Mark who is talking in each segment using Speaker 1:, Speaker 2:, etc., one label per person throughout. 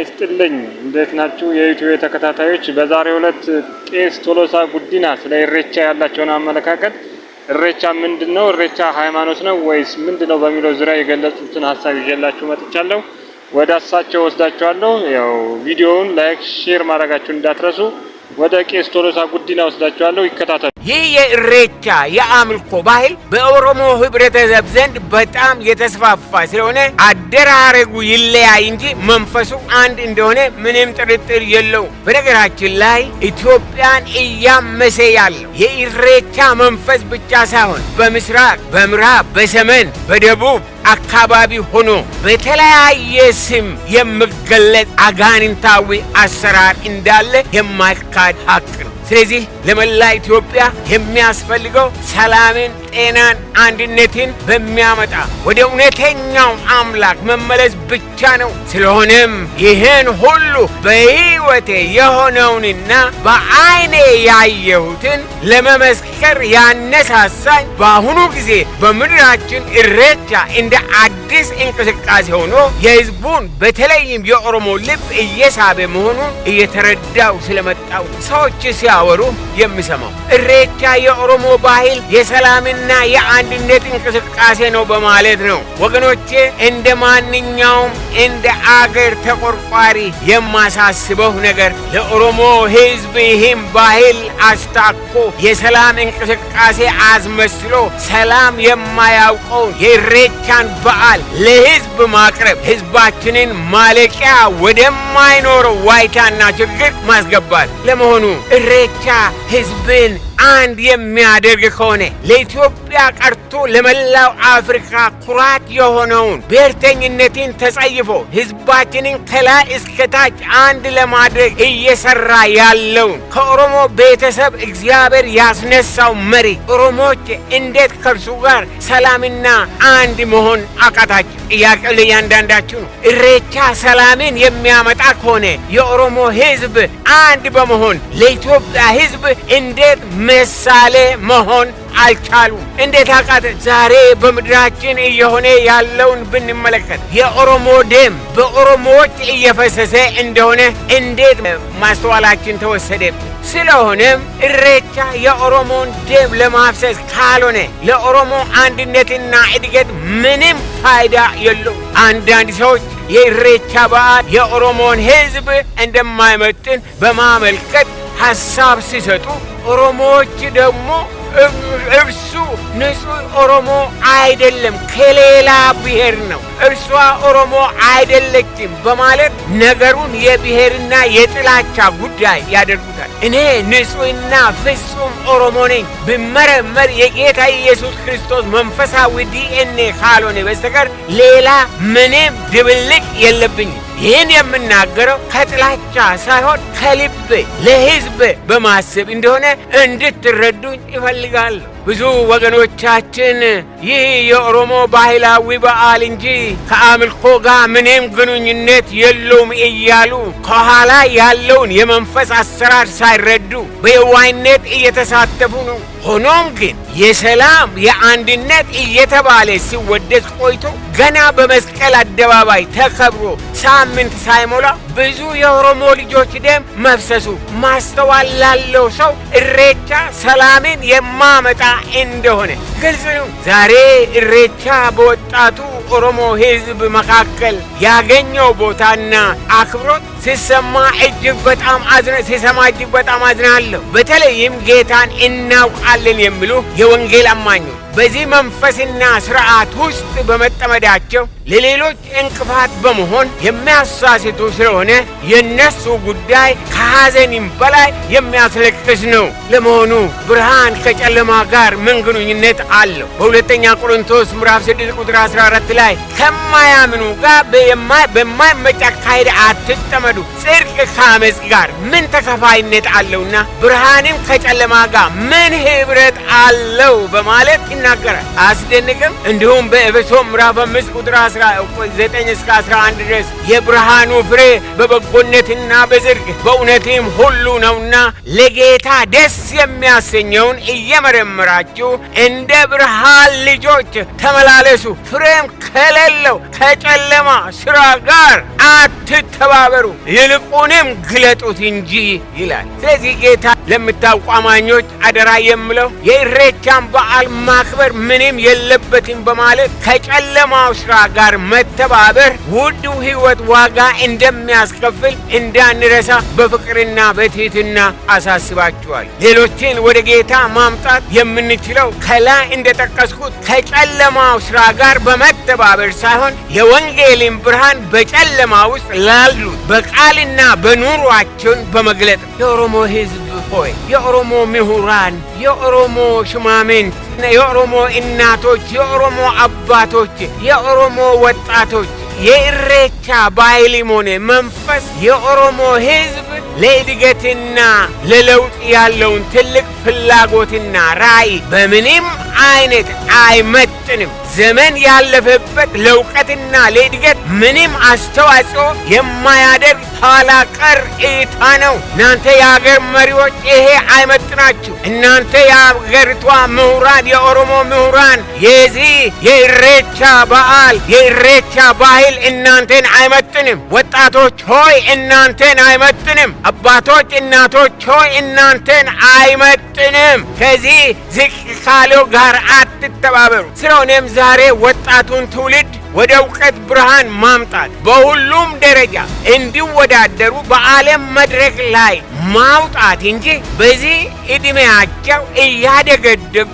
Speaker 1: ይስጥልኝ እንዴት ናችሁ? የዩቲዩብ ተከታታዮች በዛሬው ዕለት ቄስ ቶሎሳ ጉዲና ስለ እሬቻ ያላቸውን አመለካከት፣ እሬቻ ምንድን ነው፣ እሬቻ ሃይማኖት ነው ወይስ ምንድን ነው በሚለው ዙሪያ የገለጹትን ሀሳብ ይዤላችሁ መጥቻለሁ። ወደ እሳቸው ወስዳችኋለሁ። ያው ቪዲዮውን ላይክ፣ ሼር ማድረጋችሁን እንዳትረሱ። ወደ ቄስ ቶሎሳ ጉዲና ወስዳችኋለሁ።
Speaker 2: ይከታተሉ። ይህ የእሬቻ የአምልኮ ባህል በኦሮሞ ህብረተሰብ ዘንድ በጣም የተስፋፋ ስለሆነ አደራረጉ ይለያይ እንጂ መንፈሱ አንድ እንደሆነ ምንም ጥርጥር የለው በነገራችን ላይ ኢትዮጵያን እያመሰ ያለው የእሬቻ መንፈስ ብቻ ሳይሆን በምስራቅ፣ በምዕራብ፣ በሰሜን፣ በደቡብ አካባቢ ሆኖ በተለያየ ስም የሚገለጽ አጋንንታዊ አሰራር እንዳለ የማይካድ ሀቅ ነው። ስለዚህ ለመላ ኢትዮጵያ የሚያስፈልገው ሰላምን፣ ጤናን፣ አንድነትን በሚያመጣ ወደ እውነተኛው አምላክ መመለስ ብቻ ነው። ስለሆነም ይህን ሁሉ በሕይወቴ የሆነውንና በአይኔ ያየሁትን ለመመስከር ያነሳሳኝ በአሁኑ ጊዜ በምድራችን እሬቻ እንደ አዲስ እንቅስቃሴ ሆኖ የህዝቡን በተለይም የኦሮሞ ልብ እየሳበ መሆኑን እየተረዳው ስለመጣው ሰዎች ሲያወሩ የሚሰማው እሬቻ የኦሮሞ ባህል የሰላምና የአንድነት እንቅስቃሴ ነው በማለት ነው። ወገኖቼ እንደ ማንኛውም እንደ አገር ተቆርቋሪ የማሳስበው ነገር ለኦሮሞ ህዝብ ይህም ባህል አስታኮ የሰላም እንቅስቃሴ አስመስሎ ሰላም የማያውቀውን የእሬቻን በዓል ቃል ለህዝብ ማቅረብ ህዝባችንን ማለቂያ ወደማይኖረው ዋይታና ችግር ማስገባት። ለመሆኑ እሬቻ ህዝብን አንድ የሚያደርግ ከሆነ ለኢትዮጵያ ቀርቶ ለመላው አፍሪካ ኩራት የሆነውን ብሔርተኝነትን ተጸይፎ ህዝባችንን ከላይ እስከታች አንድ ለማድረግ እየሰራ ያለውን ከኦሮሞ ቤተሰብ እግዚአብሔር ያስነሳው መሪ ኦሮሞች እንዴት ከእርሱ ጋር ሰላምና አንድ መሆን አቃታቸው? እያንዳንዳችሁ ነው። እሬቻ ሰላምን የሚያመጣ ከሆነ የኦሮሞ ሕዝብ አንድ በመሆን ለኢትዮጵያ ሕዝብ እንዴት ምሳሌ መሆን አልቻሉም። እንዴት አቃተ? ዛሬ በምድራችን እየሆነ ያለውን ብንመለከት የኦሮሞ ደም በኦሮሞዎች እየፈሰሰ እንደሆነ እንዴት ማስተዋላችን ተወሰደ? ስለሆነም እሬቻ የኦሮሞን ደም ለማፍሰስ ካልሆነ ለኦሮሞ አንድነትና እድገት ምንም ፋይዳ የለው አንዳንድ ሰዎች የእሬቻ በዓል የኦሮሞን ሕዝብ እንደማይመጥን በማመልከት ሀሳብ ሲሰጡ፣ ኦሮሞዎች ደግሞ እርሱ ንጹህ ኦሮሞ አይደለም፣ ከሌላ ብሔር ነው፣ እርሷ ኦሮሞ አይደለችም በማለት ነገሩን የብሔርና የጥላቻ ጉዳይ ያደርጉታል። እኔ ንጹህና ፍጹም ኦሮሞ ነኝ ብመረመር የጌታ ኢየሱስ ክርስቶስ መንፈሳዊ ዲኤንኤ ካልሆነ በስተቀር ሌላ ምንም ድብልቅ የለብኝም። ይህን የምናገረው ከጥላቻ ሳይሆን ከልብ ለህዝብ በማሰብ እንደሆነ እንድትረዱኝ ይፈልጋለሁ። ብዙ ወገኖቻችን ይህ የኦሮሞ ባህላዊ በዓል እንጂ ከአምልኮ ጋር ምንም ግንኙነት የለውም እያሉ ከኋላ ያለውን የመንፈስ አሰራር ሳይረዱ በዋይነት እየተሳተፉ ነው። ሆኖም ግን የሰላም የአንድነት እየተባለ ሲወደስ ቆይቶ ገና በመስቀል አደባባይ ተከብሮ ሳምንት ሳይሞላ ብዙ የኦሮሞ ልጆች ደም መፍሰሱ ማስተዋል ላለው ሰው እሬቻ ሰላምን የማመጣ እንደሆነ ግልጽ ነው። ዛሬ እሬቻ በወጣቱ ኦሮሞ ሕዝብ መካከል ያገኘው ቦታና አክብሮት ሲሰማ እጅግ በጣም አዝነ ሲሰማ እጅግ በጣም አዝናለሁ። በተለይም ጌታን እናውቃለን የሚሉ የወንጌል አማኞች በዚህ መንፈስና ስርዓት ውስጥ በመጠመዳቸው ለሌሎች እንቅፋት በመሆን የሚያሳስቱ ስለሆነ የእነሱ ጉዳይ ከሐዘኒም በላይ የሚያስለቅስ ነው። ለመሆኑ ብርሃን ከጨለማ ጋር ምን ግንኙነት አለው? በሁለተኛ ቆሮንቶስ ምዕራፍ 6 ቁጥር 14 ላይ ከማያምኑ ጋር በማይመጫ አካሄድ አትጠመዱ፣ ጽድቅ ከአመፅ ጋር ምን ተከፋይነት አለውና ብርሃንም ከጨለማ ጋር ምን ህብረት አለው በማለት ይናገራል። አስደንቅም። እንዲሁም በኤፌሶን ምዕራፍ 5 ቁጥር ዘጠኝ እስከ አስራ አንድ ድረስ የብርሃኑ ፍሬ በበጎነትና በጽድቅ በእውነትም ሁሉ ነውና ለጌታ ደስ የሚያሰኘውን እየመረመራችሁ እንደ ብርሃን ልጆች ተመላለሱ። ፍሬም ከሌለው ከጨለማ ስራ ጋር አትተባበሩ፣ ይልቁንም ግለጡት እንጂ ይላል። ስለዚህ ጌታ ለምታውቁ አማኞች አደራ የምለው የኢሬቻን በዓል ማክበር ምንም የለበትም በማለት ከጨለማው ስራ ጋር ጋር መተባበር ውዱ ሕይወት ዋጋ እንደሚያስከፍል እንዳንረሳ በፍቅርና በትህትና አሳስባችኋል። ሌሎችን ወደ ጌታ ማምጣት የምንችለው ከላይ እንደጠቀስኩት ከጨለማው ስራ ጋር በመተባበር ሳይሆን የወንጌልን ብርሃን በጨለማ ውስጥ ላሉት በቃልና በኑሯቸውን በመግለጥ የኦሮሞ ሕዝብ ሆይ የኦሮሞ ምሁራን፣ የኦሮሞ ሽማምንት፣ የኦሮሞ እናቶች፣ የኦሮሞ አባቶች፣ የኦሮሞ ወጣቶች የእሬቻ ባህልም ሆነ መንፈስ የኦሮሞ ህዝብ ለእድገትና ለለውጥ ያለውን ትልቅ ፍላጎትና ራዕይ በምንም አይነት አይመጥንም። ዘመን ያለፈበት ለእውቀትና ለእድገት ምንም አስተዋጽኦ የማያደርግ ኋላ ቀር እታ ነው። እናንተ የአገር መሪዎች ይሄ አይመጥናችሁ። እናንተ የአገሪቷ ምሁራን፣ የኦሮሞ ምሁራን የዚህ የኢሬቻ በዓል የእሬቻ ባህል እናንተን አይመጥንም። ወጣቶች ሆይ እናንተን አይመጥንም። አባቶች እናቶች ሆይ እናንተን አይመጥንም፣ ከዚህ ዝቅ ካለው ጋር አትተባበሩ። ስለሆነም ዛሬ ወጣቱን ትውልድ ወደ እውቀት ብርሃን ማምጣት በሁሉም ደረጃ እንዲወዳደሩ በዓለም መድረክ ላይ ማውጣት እንጂ በዚህ ዕድሜያቸው እያደገደጉ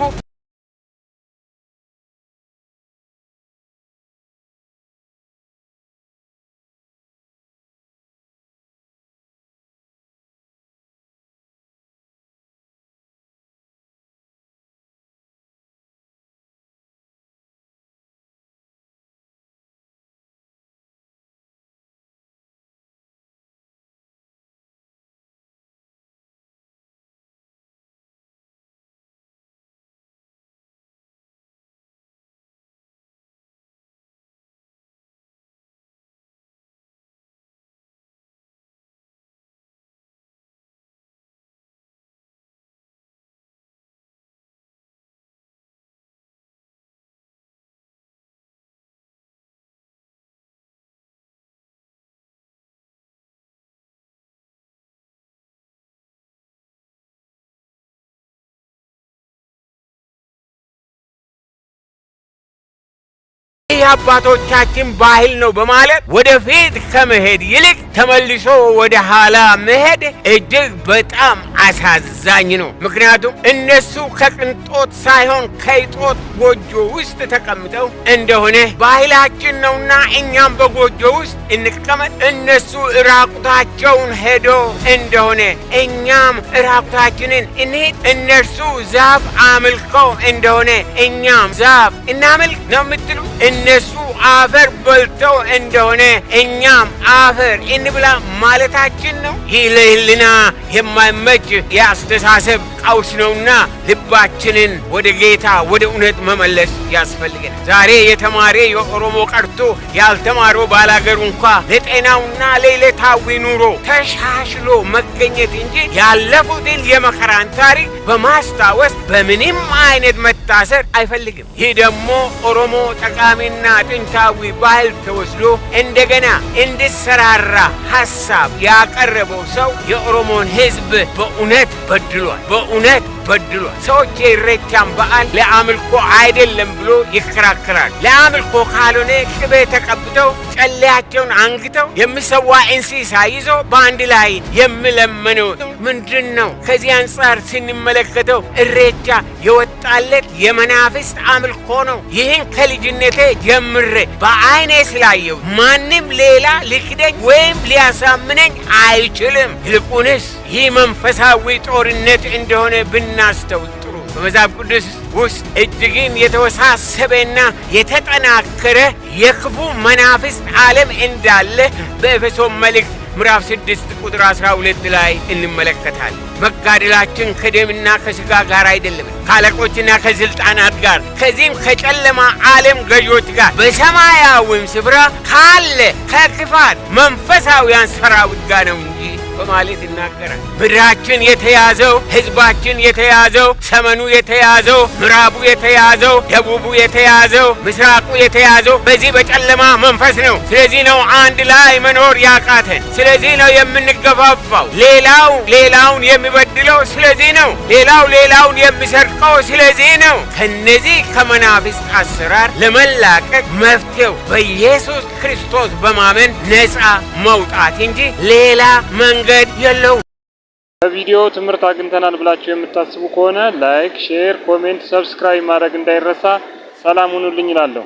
Speaker 2: የአባቶቻችን ባህል ነው በማለት ወደፊት ከመሄድ ይልቅ ተመልሶ ወደ ኋላ መሄድ እጅግ በጣም አሳዛኝ ነው። ምክንያቱም እነሱ ከቅንጦት ሳይሆን ከይጦት ጎጆ ውስጥ ተቀምጠው እንደሆነ ባህላችን ነውና እኛም በጎጆ ውስጥ እንቀመጥ፣ እነሱ ራቁታቸውን ሄዶ እንደሆነ እኛም ራቁታችንን እንሄድ፣ እነርሱ ዛፍ አምልከው እንደሆነ እኛም ዛፍ እናምልክ ነው የምትሉ እነሱ አፈር በልተው እንደሆነ እኛም አፈር እንብላ ማለታችን ነው። ይህ ለህልና የማይመች የአስተሳሰብ ቀውስ ነውና ልባችንን ወደ ጌታ ወደ እውነት መመለስ ያስፈልገናል። ዛሬ የተማረ የኦሮሞ ቀርቶ ያልተማረው ባላገሩ እንኳ ለጤናውና ለዕለታዊ ኑሮ ተሻሽሎ መገኘት እንጂ ያለፉትን የመከራን ታሪክ በማስታወስ በምንም አይነት መታሰር አይፈልግም። ይህ ደግሞ ኦሮሞ ጠቃሚና ጥንታዊ ባህል ተወስዶ እንደገና እንዲሰራራ ሀሳብ ያቀረበው ሰው የኦሮሞን ሕዝብ በእውነት በድሏል። un በድሏል። ሰዎች የኢሬቻን በዓል ለአምልኮ አይደለም ብሎ ይከራከራል። ለአምልኮ ካልሆነ ቅቤ ተቀብተው ጨለያቸውን አንግተው የሚሰዋ እንስሳ ይዞ በአንድ ላይ የምለመነው ምንድን ነው? ከዚህ አንጻር ስንመለከተው እሬቻ የወጣለት የመናፍስት አምልኮ ነው። ይህን ከልጅነቴ ጀምሬ በአይኔ ስላየው ማንም ሌላ ሊክደኝ ወይም ሊያሳምነኝ አይችልም። ይልቁንስ ይህ መንፈሳዊ ጦርነት እንደሆነ ብን ብናስተውል ጥሩ። በመጽሐፍ ቅዱስ ውስጥ እጅግን የተወሳሰበና የተጠናከረ የክፉ መናፍስት ዓለም እንዳለ በኤፌሶን መልእክት ምዕራፍ 6 ቁጥር 12 ላይ እንመለከታለን። መጋደላችን ከደምና ከሥጋ ጋር አይደለም፣ ከአለቆችና ከሥልጣናት ጋር ከዚህም ከጨለማ ዓለም ገዢዎች ጋር በሰማያዊም ስፍራ ካለ ከክፋት መንፈሳውያን ሰራዊት ጋር ነው እንጂ በማለት ይናገራል። ምድራችን የተያዘው፣ ህዝባችን የተያዘው፣ ሰመኑ የተያዘው፣ ምዕራቡ የተያዘው፣ ደቡቡ የተያዘው፣ ምስራቁ የተያዘው በዚህ በጨለማ መንፈስ ነው። ስለዚህ ነው አንድ ላይ መኖር ያቃተን። ስለዚህ ነው የምንገፋፋው። ሌላው ሌላውን የሚበድለው ስለዚህ ነው። ሌላው ሌላውን የሚሰርቀው ስለዚህ ነው። ከነዚህ ከመናፍስት አሰራር ለመላቀቅ መፍትሄው በኢየሱስ ክርስቶስ በማመን ነፃ መውጣት እንጂ ሌላ መን መንገድ የለው። በቪዲዮ ትምህርት አግኝተናል ብላችሁ የምታስቡ ከሆነ ላይክ፣ ሼር፣ ኮሜንት፣ ሰብስክራይብ ማድረግ እንዳይረሳ። ሰላም ሁኑልኝ እላለሁ።